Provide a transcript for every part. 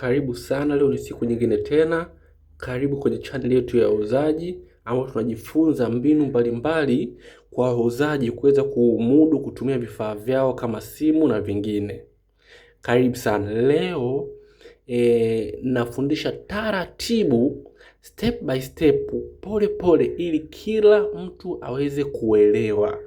Karibu sana, leo ni siku nyingine tena. Karibu kwenye channel yetu ya wauzaji, ambapo tunajifunza mbinu mbalimbali mbali kwa wauzaji kuweza kumudu kutumia vifaa vyao kama simu na vingine. Karibu sana. Leo e, nafundisha taratibu, step by step, pole pole, ili kila mtu aweze kuelewa.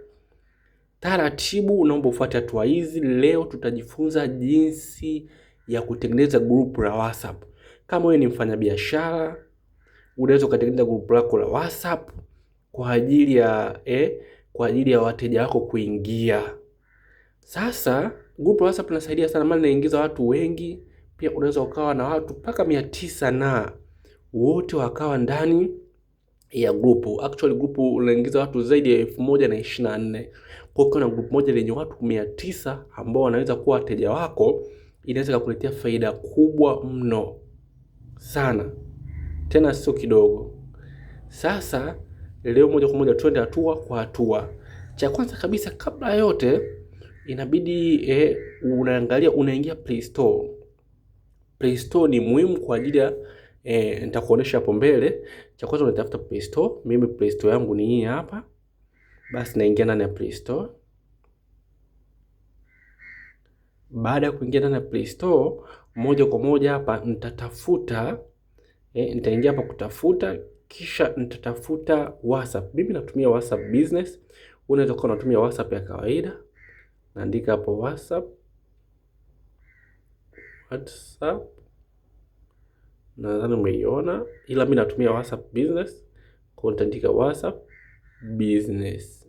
Taratibu, naomba ufuate hatua hizi. Leo tutajifunza jinsi ya kutengeneza grupu la WhatsApp. Kama wewe ni mfanyabiashara, unaweza ukatengeneza grupu lako la WhatsApp kwa ajili ya eh, kwa ajili ya wateja wako kuingia. Sasa grupu la WhatsApp linasaidia sana, maana inaingiza watu wengi. Pia unaweza ukawa na watu mpaka mia tisa na wote wakawa ndani ya grupu. Actually grupu linaingiza watu zaidi ya elfu moja na ishirini na nne kwa hiyo kuna grupu moja lenye watu mia tisa ambao wanaweza kuwa wateja wako inaweza kukuletea faida kubwa mno sana, tena sio kidogo. Sasa leo moja kwa moja tuende hatua kwa hatua. Cha kwanza kabisa, kabla yote, inabidi eh, unaangalia unaingia Play Store. Play Store ni muhimu kwa ajili ya eh, nitakuonesha hapo mbele. Cha kwanza unatafuta Play Store, mimi Play Store yangu ni hii hapa, basi naingia ndani ya Play Store Baada ya kuingia ndani ya Play Store, moja kwa moja hapa nitatafuta eh, nitaingia hapa kutafuta, kisha nitatafuta WhatsApp. Mimi natumia WhatsApp Business, unaweza kuwa unatumia WhatsApp ya kawaida. Naandika hapo WhatsApp, WhatsApp nadhani umeiona, ila mimi natumia WhatsApp Business, kwa nitaandika WhatsApp Business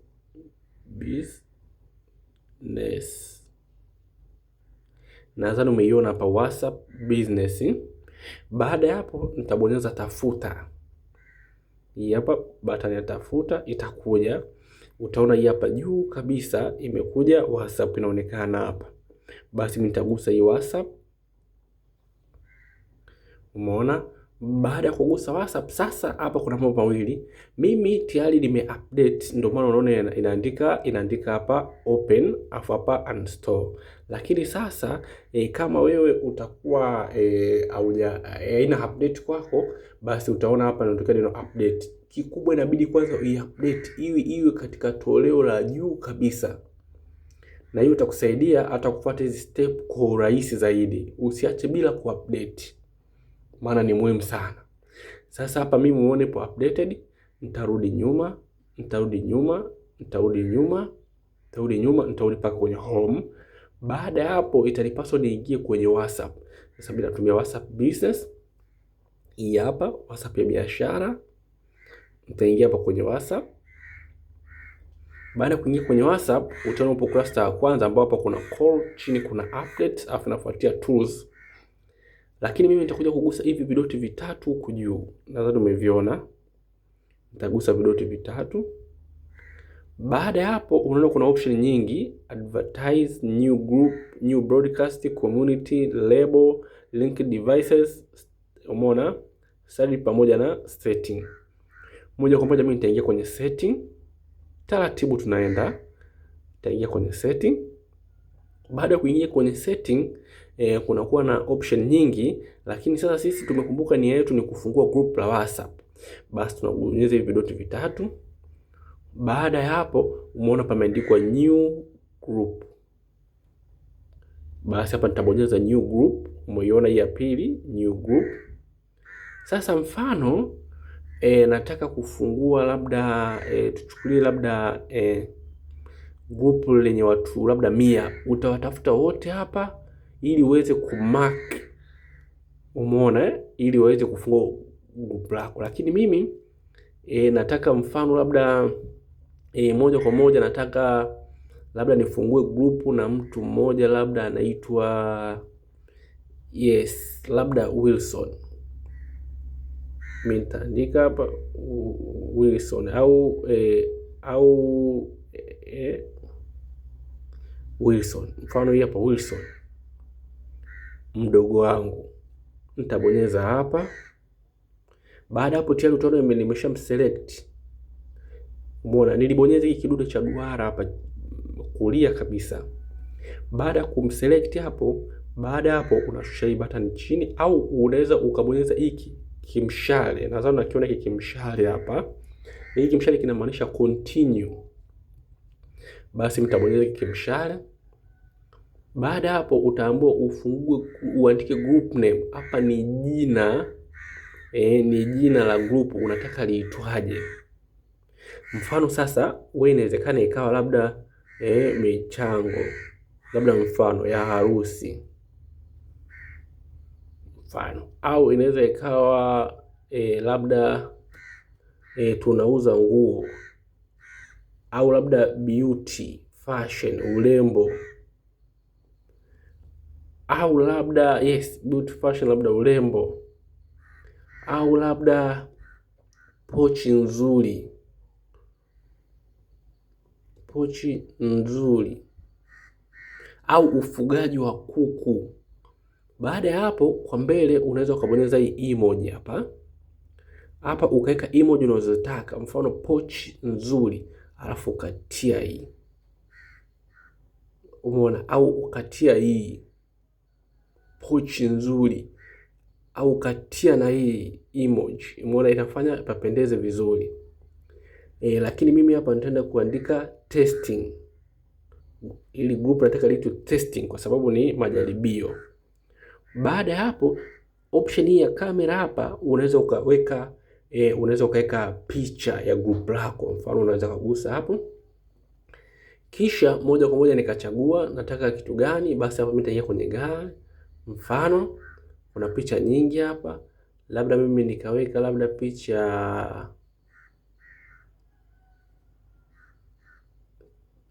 business nadhani umeiona hapa WhatsApp business. Baada ya hapo nitabonyeza tafuta. Hii hapa batani ya tafuta itakuja, utaona hii hapa juu kabisa imekuja WhatsApp inaonekana hapa. Basi nitagusa hii WhatsApp, umeona. Baada ya kugusa WhatsApp sasa, hapa kuna mambo mawili. Mimi tayari nime update, ndio maana unaona inaandika inaandika hapa open, afu hapa uninstall. Lakini sasa e, kama wewe utakuwa e, eh, auja eh, haina e, update kwako, basi utaona hapa inatokea neno update. Kikubwa inabidi kwanza uiupdate iwe iwe katika toleo la juu kabisa, na hiyo itakusaidia hata kufuata hizi step kwa urahisi zaidi. Usiache bila kuupdate maana ni muhimu sana. Sasa hapa mimi muone po updated, nitarudi nyuma, nitarudi nyuma, nitarudi nyuma, nitarudi nyuma, nitarudi paka kwenye home. Baada ya hapo itanipaswa niingie kwenye WhatsApp. Sasa mimi natumia WhatsApp business. Hii hapa WhatsApp ya biashara. Nitaingia hapa kwenye WhatsApp. Baada ya kuingia kwenye WhatsApp utaona upo kurasa wa kwanza ambapo hapa kuna call, chini kuna updates, afu nafuatia tools lakini mimi nitakuja kugusa hivi vidoti vitatu huku juu, nadhani umeviona. Nitagusa vidoti vitatu. Baada ya hapo, unaona kuna option nyingi: advertise, new group, new broadcast, community, label, link devices, umeona study pamoja na setting. Moja kwa moja mimi nitaingia kwenye setting, taratibu tunaenda, nitaingia kwenye setting. Baada ya kuingia kwenye setting e, kunakuwa na option nyingi, lakini sasa sisi tumekumbuka nia yetu ni kufungua group la WhatsApp. Basi tunabonyeza hivi vidoti vitatu. Baada ya hapo, umeona pameandikwa new group. Basi hapa nitabonyeza new group. Umeiona hii ya pili, new group. Sasa mfano e, nataka kufungua labda e, tuchukulie labda e, group lenye watu labda mia, utawatafuta wote hapa ili uweze kumark, umeona, eh? ili waweze kufungua gupu lako. Lakini mimi e, nataka mfano labda e, moja kwa moja nataka labda nifungue group na mtu mmoja labda anaitwa yes, labda Wilson. Mimi nitaandika hapa Wilson au e, au e, Wilson mfano hii hapa Wilson mdogo wangu, nitabonyeza hapa. Baada hapo tayari utaona nimesha mselect. Umeona, nilibonyeza hiki kidude cha duara hapa kulia kabisa. Baada ya kumselect hapo, baada hapo unashusha hii button chini, au unaweza ukabonyeza hiki kimshale, nadhani unakiona hiki kimshale hapa. Hiki kimshale kinamaanisha continue, basi mtabonyeza hiki kimshale baada hapo utaambiwa ufungue, uandike group name. Hapa ni jina e, ni jina la group unataka liitwaje. Mfano sasa, wewe inawezekana ikawa labda e, michango, labda mfano ya harusi mfano, au inaweza ikawa e, labda e, tunauza nguo, au labda beauty fashion, urembo au labda yes, beauty fashion, labda urembo au labda pochi nzuri, pochi nzuri au ufugaji wa kuku. Baada ya hapo, kwa mbele unaweza ukabonyeza hii emoji hapa hapa, ukaweka emoji unazotaka, mfano pochi nzuri, alafu ukatia hii, umeona, au ukatia hii pochi nzuri au katia na hii image, umeona itafanya papendeze vizuri e, lakini mimi hapa nitaenda kuandika testing ili group nataka litu testing kwa sababu ni majaribio. Baada ya hapo, option hii ya kamera hapa unaweza ukaweka e, unaweza ukaweka picha ya group lako. Mfano unaweza kugusa hapo, kisha moja kwa moja nikachagua nataka kitu gani, basi hapa mimi nitaingia kwenye gari Mfano, kuna picha nyingi hapa, labda mimi nikaweka labda picha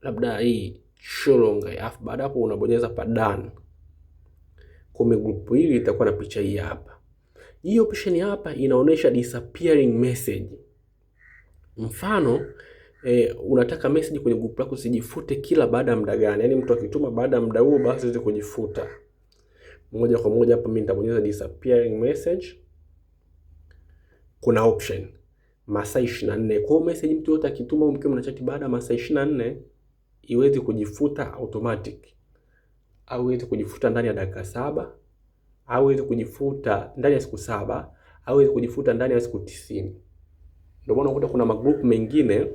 labda hii Shulonga, alafu baada hapo unabonyeza pa done. Kumbe grupu hili itakuwa na picha hii hapa. Hii option hapa inaonyesha disappearing message. Mfano e, unataka message kwenye grupu lako zijifute kila baada ya muda gani? Yaani mtu akituma baada ya muda huo basi ziweze kujifuta moja kwa moja hapa mimi nitabonyeza disappearing message. Kuna option masaa 24. Kwa hiyo message mtu yote akituma mkiwa mnachati baada ya masaa 24 iweze kujifuta automatic. Au iweze kujifuta ndani ya dakika saba, au iweze kujifuta ndani ya siku saba, au iweze kujifuta ndani ya siku tisini. Ndio maana unakuta kuna magroup mengine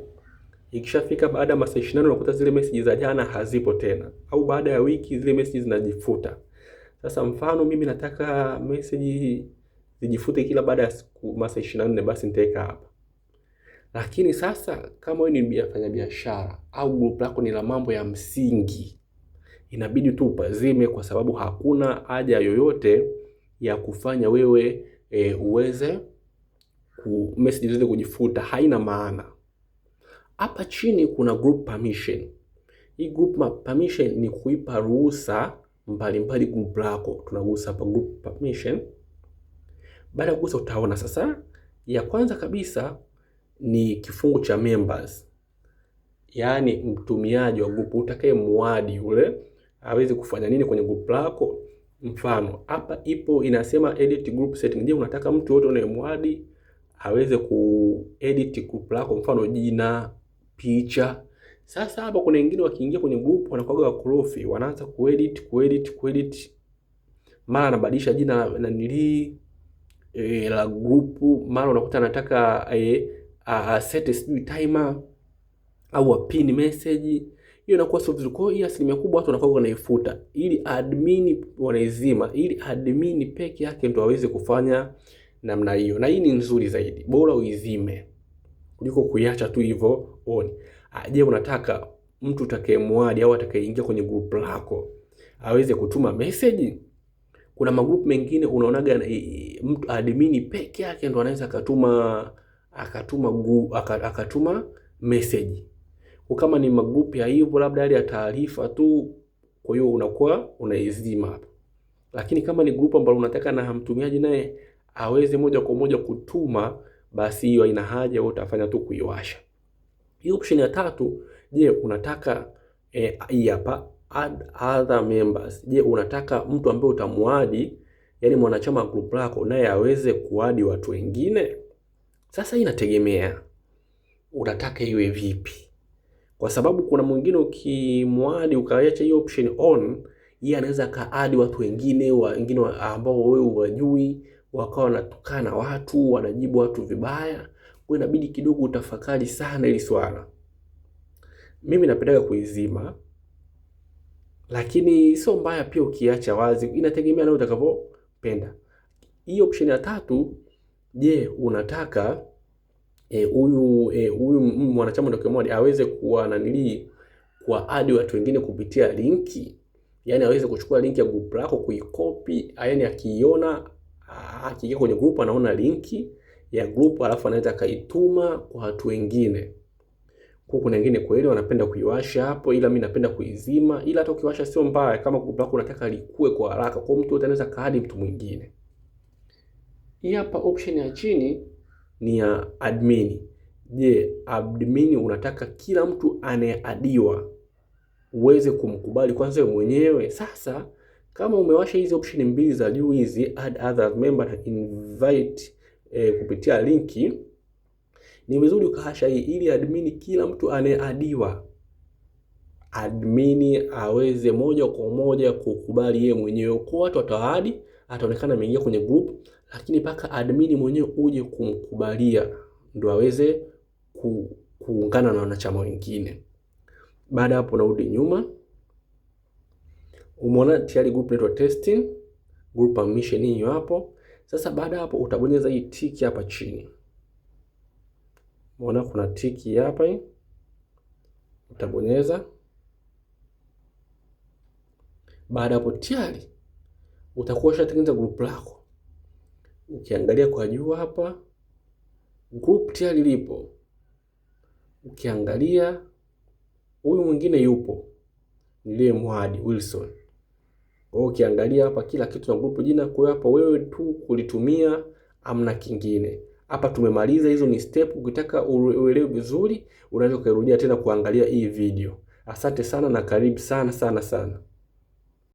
ikishafika baada ya masaa 24 unakuta zile message za jana hazipo tena, au baada ya wiki zile message zinajifuta. Sasa mfano mimi nataka message zijifute kila baada ya siku masaa 24, basi nitaweka hapa. Lakini sasa kama wewe ni mfanya biashara au group lako ni la mambo ya msingi, inabidi tu upazime, kwa sababu hakuna haja yoyote ya kufanya wewe e, uweze ku message zote kujifuta, haina maana. Hapa chini kuna group permission. Hii group permission ni kuipa ruhusa mbalimbali group lako. Tunagusa hapa group permission. Baada ya kugusa, utaona sasa, ya kwanza kabisa ni kifungu cha members, yaani mtumiaji wa group utakaye muadi yule awezi kufanya nini kwenye group lako. Mfano hapa ipo inasema edit group setting. Je, unataka mtu yote unayemwadi aweze kuedit group lako, mfano jina, picha sasa hapa kuna wengine wakiingia kwenye group wanakuwa wakorofi, wanaanza kuedit kuedit kuedit, mara anabadilisha jina na nili e, la group, mara unakuta anataka e, a, a set sijui timer au a pin message hiyo inakuwa sio vizuri. Kwa hiyo asilimia kubwa watu wanakuwa wanaifuta ili admin wanaizima, ili admin peke yake ndio aweze kufanya namna hiyo, na hii ni nzuri zaidi, bora uizime kuliko kuiacha tu hivyo on. Je, unataka mtu utakayemwadi au atakayeingia kwenye group lako aweze kutuma message? Kuna magrupu mengine unaonaga mtu admini peke yake ndo anaweza akatuma akatuma gu, akatuma message. Kama ni magrupu ya hivyo labda ya taarifa tu, kwa hiyo unakuwa unaizima hapo. Lakini kama ni grupu ambalo unataka na mtumiaji naye aweze moja kwa moja kutuma, basi hiyo haina haja, wewe utafanya tu kuiwasha. Hii option ya tatu, je, unataka eh, hii hapa add other members. Je, unataka mtu ambaye utamuadi, yani mwanachama wa group lako naye aweze kuadi watu wengine? Sasa inategemea unataka iwe vipi, kwa sababu kuna mwingine ukimwadi ukaacha hiyo option on, yeye anaweza kaadi watu wengine wengine ambao wewe uwajui, wakawa wanatukana watu, wanajibu watu vibaya kwa inabidi kidogo utafakari sana hili swala. Mimi napendaga kuizima, lakini sio mbaya pia ukiacha wazi, inategemea na utakavyopenda. Hiyo option ya tatu, je, unataka e, huyu e, huyu e, mwanachama ndio kimoja aweze kuwa nanilii kwa adi watu wengine kupitia linki, yani aweze kuchukua linki ya grupu lako kuikopi, yani akiiona akiingia kwenye group, anaona linki ya group, alafu anaweza akaituma kwa watu wengine. Huku kuna wengine kweli wanapenda kuiwasha hapo, ila mimi napenda kuizima, ila hata ukiwasha sio mbaya, kama group lako unataka likue kwa haraka, kwa mtu yote anaweza kaadi mtu mwingine. Hii hapa option ya chini ni ya admin. Je, admin unataka kila mtu anayeadiwa uweze kumkubali kwanza wewe mwenyewe? Sasa kama umewasha hizi option mbili za juu hizi, add other member na invite e, kupitia linki, ni vizuri ukahasha hii ili admini, kila mtu anayeadiwa admini aweze moja kwa moja kukubali yeye mwenyewe. Kwa watu wataadi, ataonekana ameingia kwenye group, lakini mpaka admini mwenyewe uje kumkubalia ndo aweze ku, kuungana na wanachama wengine. Baada hapo narudi nyuma, umeona tayari group inaitwa testing, group permission hiyo hapo. Sasa baada hapo utabonyeza hii tiki hapa chini, unaona kuna tiki hapa hii, utabonyeza. Baada hapo tayari utakuwa ushatengeneza group lako. Ukiangalia kwa juu hapa group tayari lipo, ukiangalia huyu mwingine yupo, niliye mwadi Wilson Ukiangalia hapa kila kitu na group jina, kwa hapa wewe tu kulitumia, amna kingine. Hapa tumemaliza, hizo ni step. Ukitaka uelewe vizuri, unaweza ukairudia tena kuangalia hii video. Asante sana na karibu sana sana sana.